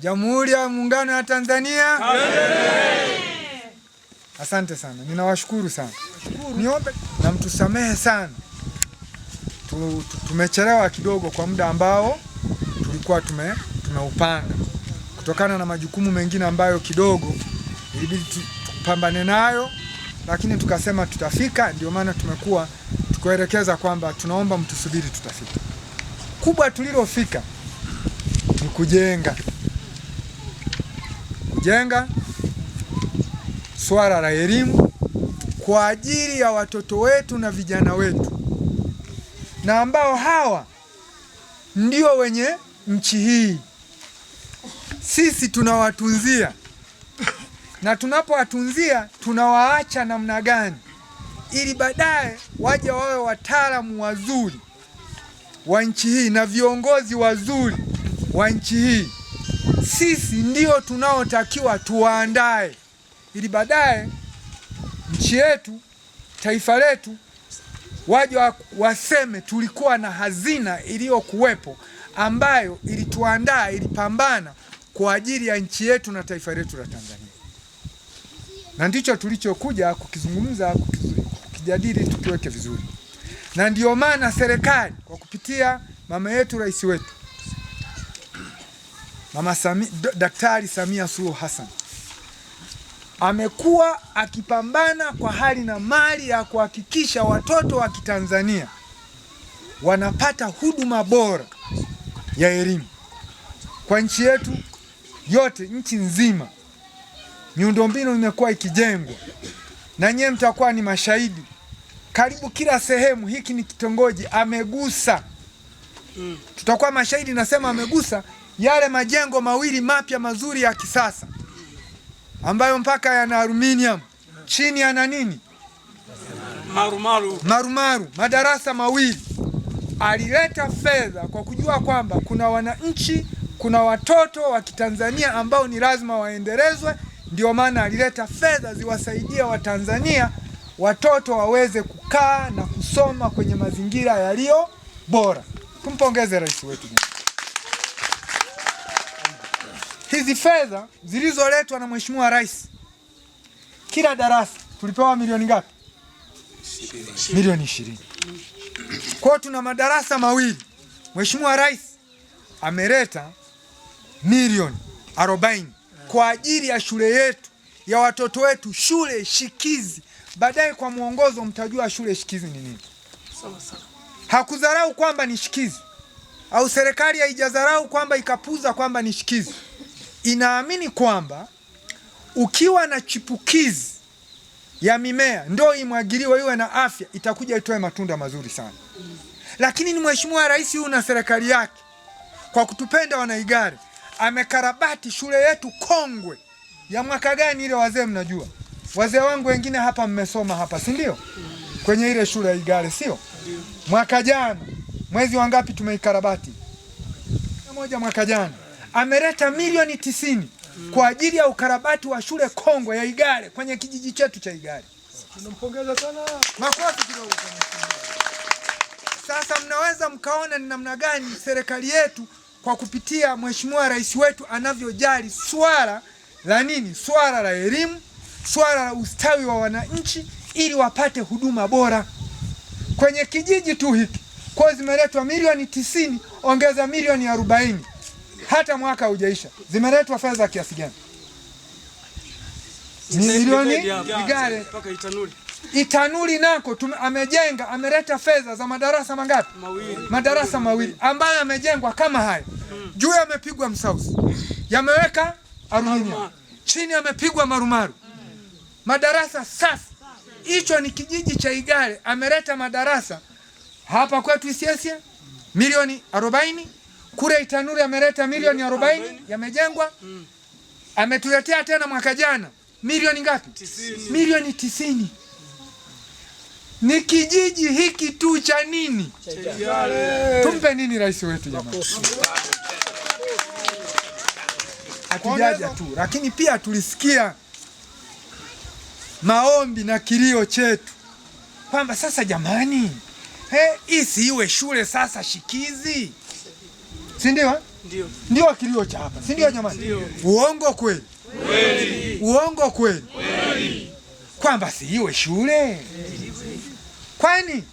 Jamhuri ya Muungano wa Tanzania. Amen. Asante sana, ninawashukuru sana, niombe na mtusamehe sana tu, tu, tumechelewa kidogo kwa muda ambao tulikuwa tume, tumeupanga kutokana na majukumu mengine ambayo kidogo ilibidi tupambane nayo, lakini tukasema tutafika. Ndio maana tumekuwa tukielekeza kwamba tunaomba mtusubiri, tutafika. Kubwa tulilofika ni kujenga kujenga swala la elimu kwa ajili ya watoto wetu na vijana wetu, na ambao hawa ndio wenye nchi hii. Sisi tunawatunzia na tunapowatunzia tunawaacha namna gani, ili baadaye waje wawe wataalamu wazuri wa nchi hii na viongozi wazuri wa nchi hii sisi ndio tunaotakiwa tuwaandae ili baadaye nchi yetu, taifa letu waje waseme tulikuwa na hazina iliyokuwepo ambayo ilituandaa, ilipambana kwa ajili ya nchi yetu na taifa letu la Tanzania, na ndicho tulichokuja kukizungumza, kukijadili, tukiweke vizuri, na ndio maana serikali kwa kupitia mama yetu, rais wetu Mama Sami, Daktari Samia Suluhu Hassan amekuwa akipambana kwa hali na mali ya kuhakikisha watoto wa Kitanzania wanapata huduma bora ya elimu kwa nchi yetu yote, nchi nzima. Miundombinu imekuwa ikijengwa na nyewe mtakuwa ni mashahidi, karibu kila sehemu. Hiki ni kitongoji amegusa, mm. tutakuwa mashahidi, nasema amegusa yale majengo mawili mapya mazuri ya kisasa ambayo mpaka yana aluminium chini yana nini marumaru, marumaru, madarasa mawili. Alileta fedha kwa kujua kwamba kuna wananchi, kuna watoto wa Kitanzania ambao ni lazima waendelezwe. Ndio maana alileta fedha ziwasaidia Watanzania watoto waweze kukaa na kusoma kwenye mazingira yaliyo bora. Tumpongeze rais wetu. Hizi fedha zilizoletwa na Mheshimiwa Rais, kila darasa tulipewa milioni ngapi? Milioni ishirini. Kwao tuna madarasa mawili, Mheshimiwa Rais ameleta milioni arobaini kwa ajili ya shule yetu ya watoto wetu, shule shikizi. Baadaye kwa mwongozo mtajua shule shikizi ni nini. Hakudharau kwamba ni shikizi, au serikali haijadharau kwamba ikapuza kwamba ni shikizi inaamini kwamba ukiwa na chipukizi ya mimea ndo imwagiliwe iwe na afya, itakuja itoe matunda mazuri sana. Lakini ni Mheshimiwa Rais huyu na serikali yake kwa kutupenda wanaigari amekarabati shule yetu kongwe ya mwaka gani ile, wazee mnajua, wazee wangu wengine hapa mmesoma hapa, si ndio? Kwenye ile shule ya Igare, sio? Mwaka jana mwezi wangapi tumeikarabati? Moja mwaka jana ameleta milioni tisini kwa ajili ya ukarabati wa shule kongwe ya Igare kwenye kijiji chetu cha Igare. Tunampongeza sana. Makofi kidogo. Sasa mnaweza mkaona ni namna gani serikali yetu kwa kupitia Mheshimiwa Rais wetu anavyojali swala la nini, swala la elimu, swala la ustawi wa wananchi ili wapate huduma bora kwenye kijiji tu hiki. Kwa zimeletwa milioni tisini ongeza milioni arobaini hata mwaka haujaisha, zimeletwa fedha kiasi gani? Milioni Igare Itanuli nako tume, amejenga ameleta fedha za madarasa mangapi? Mawili. Madarasa mawili ambayo yamejengwa kama haya Juu yamepigwa msausi, yameweka aluminia, chini yamepigwa marumaru Madarasa safi. Hicho ni kijiji cha Igare, ameleta madarasa hapa kwetu Isyesye, milioni arobaini kura Itanuri ameleta milioni arobaini yamejengwa, mm. ametuletea tena mwaka jana milioni ngapi? Milioni tisini. Ni kijiji hiki tu cha nini? Tumpe nini rais wetu jamani? Hatujaja tu, lakini pia tulisikia maombi na kilio chetu kwamba sasa jamani, eh, hey, isiiwe shule sasa shikizi si ndio? Eh? Ndio kilio cha hapa, si ndio jamani? Uongo kweli? Kweli. Uongo kweli? Kweli. Kwamba siiwe shule, kwani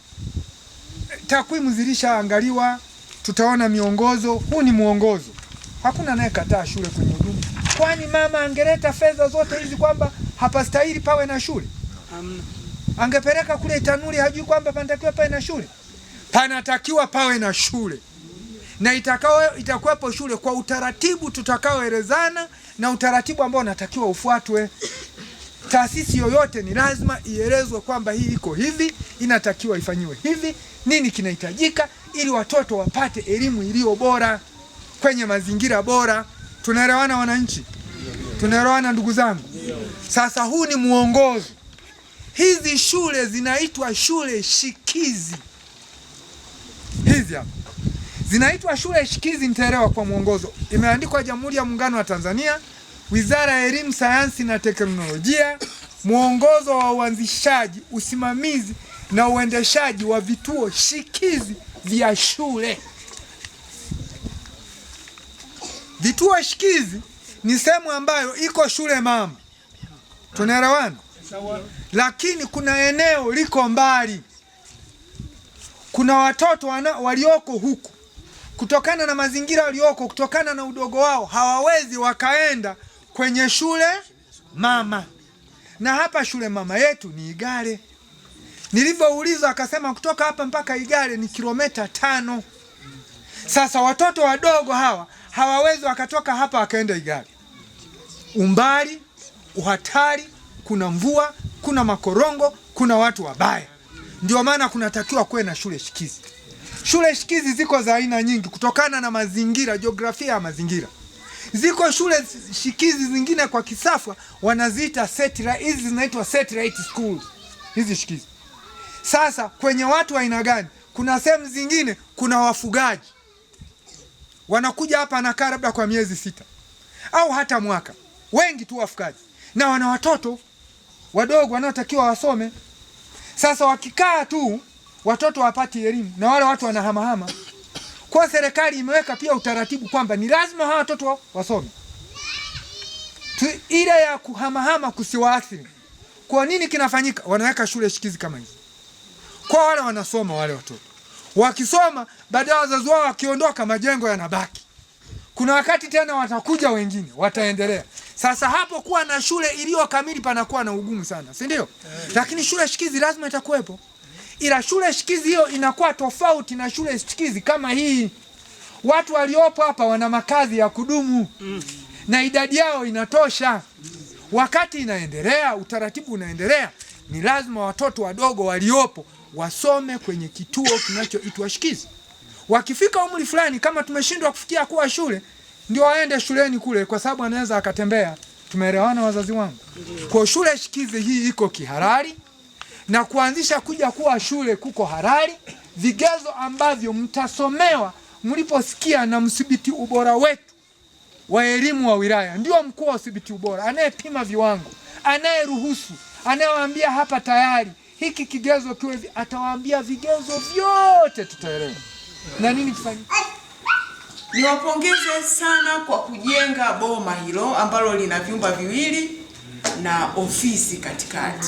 takwimu zilishaangaliwa, tutaona miongozo. Huu ni mwongozo, hakuna anayekataa shule kwenye huduma. Kwani mama angeleta fedha zote hizi kwamba hapastahili pawe na shule? Amna. Angepeleka kule Itanuli, hajui kwamba panatakiwa pawe na shule? Panatakiwa pawe na shule na itakao itakuwepo shule kwa utaratibu tutakaoelezana na utaratibu ambao unatakiwa ufuatwe. Taasisi yoyote ni lazima ielezwe kwamba hii iko hivi, inatakiwa ifanyiwe hivi, nini kinahitajika ili watoto wapate elimu iliyo bora kwenye mazingira bora. Tunaelewana wananchi? Tunaelewana ndugu zangu? Sasa huu ni mwongozo. Hizi shule zinaitwa shule shikizi hizi hapa zinaitwa shule shikizi nitaelewa kwa mwongozo. Imeandikwa Jamhuri ya Muungano wa Tanzania, Wizara ya Elimu, Sayansi na Teknolojia, mwongozo wa uanzishaji, usimamizi na uendeshaji wa vituo shikizi vya shule. Vituo shikizi ni sehemu ambayo iko shule mama, tunaelewana, lakini kuna eneo liko mbali, kuna watoto wana, walioko huku kutokana na mazingira walioko, kutokana na udogo wao, hawawezi wakaenda kwenye shule mama, na hapa shule mama yetu ni Igale. Nilivyouliza akasema kutoka hapa mpaka Igale ni kilometa tano. Sasa watoto wadogo hawa hawawezi wakatoka hapa wakaenda Igale, umbali, uhatari, kuna mvua, kuna makorongo, kuna watu wabaya. Ndio maana kunatakiwa kuwe na shule shikizi. Shule shikizi ziko za aina nyingi kutokana na mazingira, jiografia ya mazingira. Ziko shule shikizi zingine kwa Kisafwa wanaziita satellite, hizi zinaitwa satellite school hizi shikizi. Sasa kwenye watu aina gani? Kuna sehemu zingine kuna wafugaji wanakuja hapa, anakaa labda kwa miezi sita au hata mwaka, wengi tu wafugaji na wana watoto wadogo wanaotakiwa wasome. Sasa wakikaa tu watoto wapati elimu na wale watu wanahamahama. Kwa serikali imeweka pia utaratibu kwamba ni lazima hawa watoto wasome tu, ile ya kuhamahama kusiwaathiri. Kwa nini kinafanyika? Wanaweka shule shikizi kama hizi kwa wale wanasoma, wale watoto wakisoma, baadaye wazazi wao wakiondoka, majengo yanabaki. Kuna wakati tena watakuja wengine, wataendelea. Sasa hapo kuwa na shule iliyo kamili panakuwa na ugumu sana, si ndio? Eh. Lakini shule shikizi lazima itakuwepo ila shule shikizi hiyo inakuwa tofauti na shule shikizi kama hii. Watu waliopo hapa wana makazi ya kudumu mm. na idadi yao inatosha. Wakati inaendelea, utaratibu unaendelea, ni lazima watoto wadogo waliopo wasome kwenye kituo kinachoitwa shikizi. Wakifika umri fulani, kama tumeshindwa kufikia kuwa shule, ndio waende shuleni kule, kwa sababu anaweza akatembea. Tumeelewana wazazi wangu? Kwa shule shikizi hii iko kihalali na kuanzisha kuja kuwa shule kuko halali, vigezo ambavyo mtasomewa mliposikia na mthibiti ubora wetu wa elimu wa wilaya. Ndio mkuu wa udhibiti ubora anayepima viwango, anayeruhusu, anayewaambia hapa tayari hiki kigezo kiwe, atawaambia vigezo vyote, tutaelewa na nini kufanyika. Niwapongeze sana kwa kujenga boma hilo ambalo lina vyumba viwili na ofisi katikati.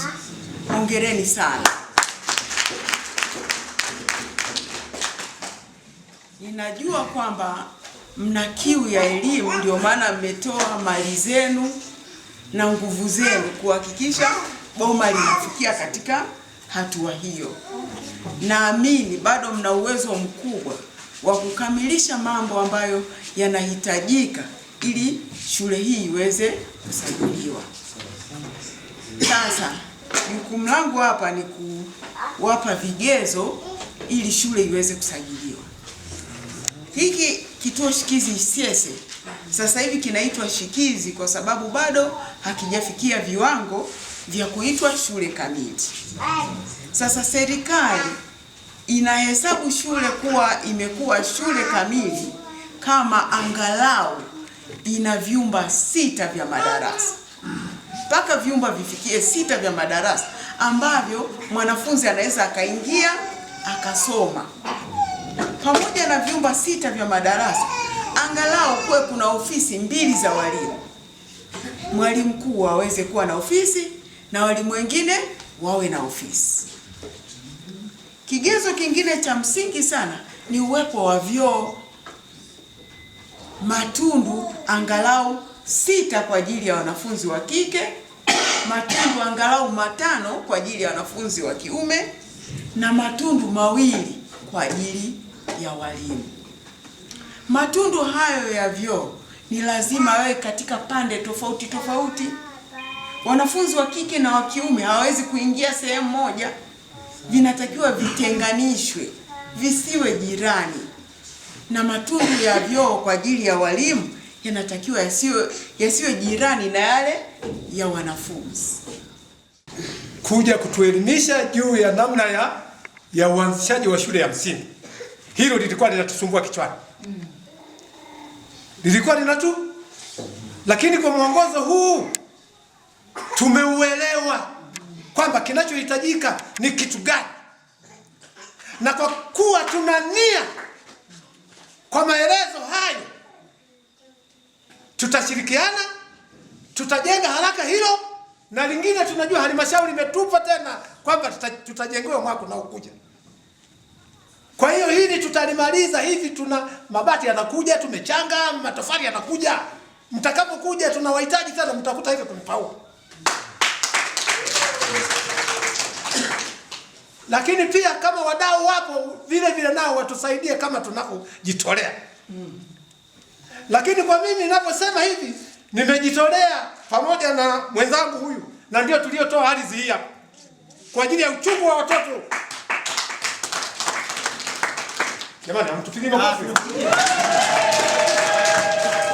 Hongereni sana. Ninajua kwamba mna kiu ya elimu, ndio maana mmetoa mali zenu na nguvu zenu kuhakikisha boma linafikia katika hatua hiyo. Naamini bado mna uwezo mkubwa wa kukamilisha mambo ambayo yanahitajika ili shule hii iweze kusajiliwa. Sasa Jukumu langu hapa ni kuwapa vigezo ili shule iweze kusajiliwa. Hiki kituo shikizi Isyesye sasa hivi kinaitwa shikizi kwa sababu bado hakijafikia viwango vya kuitwa shule kamili. Sasa serikali inahesabu shule kuwa imekuwa shule kamili kama angalau ina vyumba sita vya madarasa mpaka vyumba vifikie sita vya madarasa ambavyo mwanafunzi anaweza akaingia akasoma. Pamoja na vyumba sita vya madarasa, angalau kuwe kuna ofisi mbili za walimu, mwalimu mkuu aweze kuwa na ofisi na walimu wengine wawe na ofisi. Kigezo kingine cha msingi sana ni uwepo wa vyoo matundu angalau sita kwa ajili ya wanafunzi wa kike, matundu angalau matano kwa ajili ya wanafunzi wa kiume na matundu mawili kwa ajili ya walimu. Matundu hayo ya vyoo ni lazima yawe katika pande tofauti tofauti. Wanafunzi wa kike na wa kiume hawawezi kuingia sehemu moja, vinatakiwa vitenganishwe, visiwe jirani. Na matundu ya vyoo kwa ajili ya walimu yanatakiwa yasiwe yasiwe jirani na yale ya wanafunzi. Kuja kutuelimisha juu ya namna ya ya uanzishaji wa shule ya msingi, hilo lilikuwa linatusumbua kichwani, mm. lilikuwa linatu, lakini kwa mwongozo huu tumeuelewa kwamba kinachohitajika ni kitu gani, na kwa kuwa tuna nia kwa maelezo hayo tutashirikiana, tutajenga haraka hilo na lingine. Tunajua halmashauri imetupa tena kwamba tutajengewa mwaka unaokuja. Kwa hiyo hili tutalimaliza hivi, tuna mabati yanakuja, tumechanga matofali yanakuja, mtakapokuja tunawahitaji tena, mtakuta hivyo tumepaua. Lakini pia kama wadau wapo vile vile nao watusaidie kama tunavyojitolea mm. Lakini kwa mimi ninaposema hivi nimejitolea pamoja na mwenzangu huyu, na ndio tuliotoa ardhi hii hapa kwa ajili ya uchungu wa watoto. Jamani, mtupigie makofi.